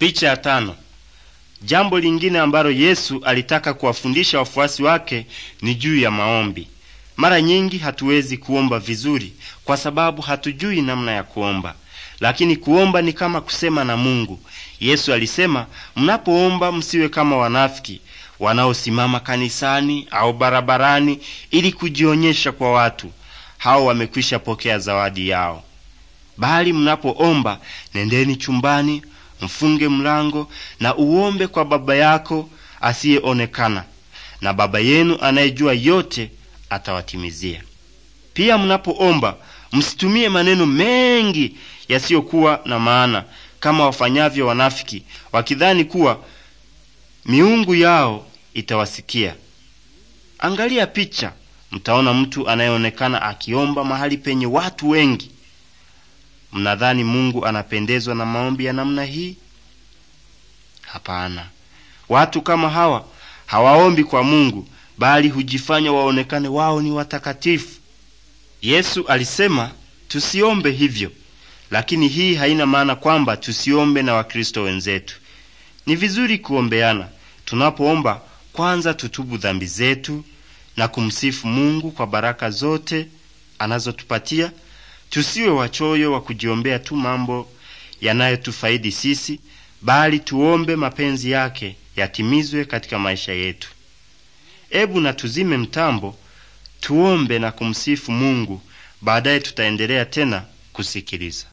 Picha ya tano. Jambo lingine ambalo Yesu alitaka kuwafundisha wafuasi wake ni juu ya maombi. Mara nyingi hatuwezi kuomba vizuri kwa sababu hatujui namna ya kuomba, lakini kuomba ni kama kusema na Mungu. Yesu alisema, mnapoomba msiwe kama wanafiki wanaosimama kanisani au barabarani ili kujionyesha kwa watu. Hao wamekwisha pokea zawadi yao. Bali mnapoomba nendeni chumbani mfunge mlango na uombe kwa Baba yako asiyeonekana, na Baba yenu anayejua yote atawatimizia. Pia mnapoomba msitumie maneno mengi yasiyokuwa na maana kama wafanyavyo wanafiki, wakidhani kuwa miungu yao itawasikia. Angalia picha, mtaona mtu anayeonekana akiomba mahali penye watu wengi Mnadhani Mungu anapendezwa na maombi ya namna hii? Hapana. Watu kama hawa hawaombi kwa Mungu, bali hujifanya waonekane wao ni watakatifu. Yesu alisema tusiombe hivyo, lakini hii haina maana kwamba tusiombe na Wakristo wenzetu. Ni vizuri kuombeana. Tunapoomba kwanza tutubu dhambi zetu na kumsifu Mungu kwa baraka zote anazotupatia Tusiwe wachoyo wa kujiombea tu mambo yanayotufaidi sisi, bali tuombe mapenzi yake yatimizwe katika maisha yetu. Ebu na tuzime mtambo, tuombe na kumsifu Mungu. Baadaye tutaendelea tena kusikiliza.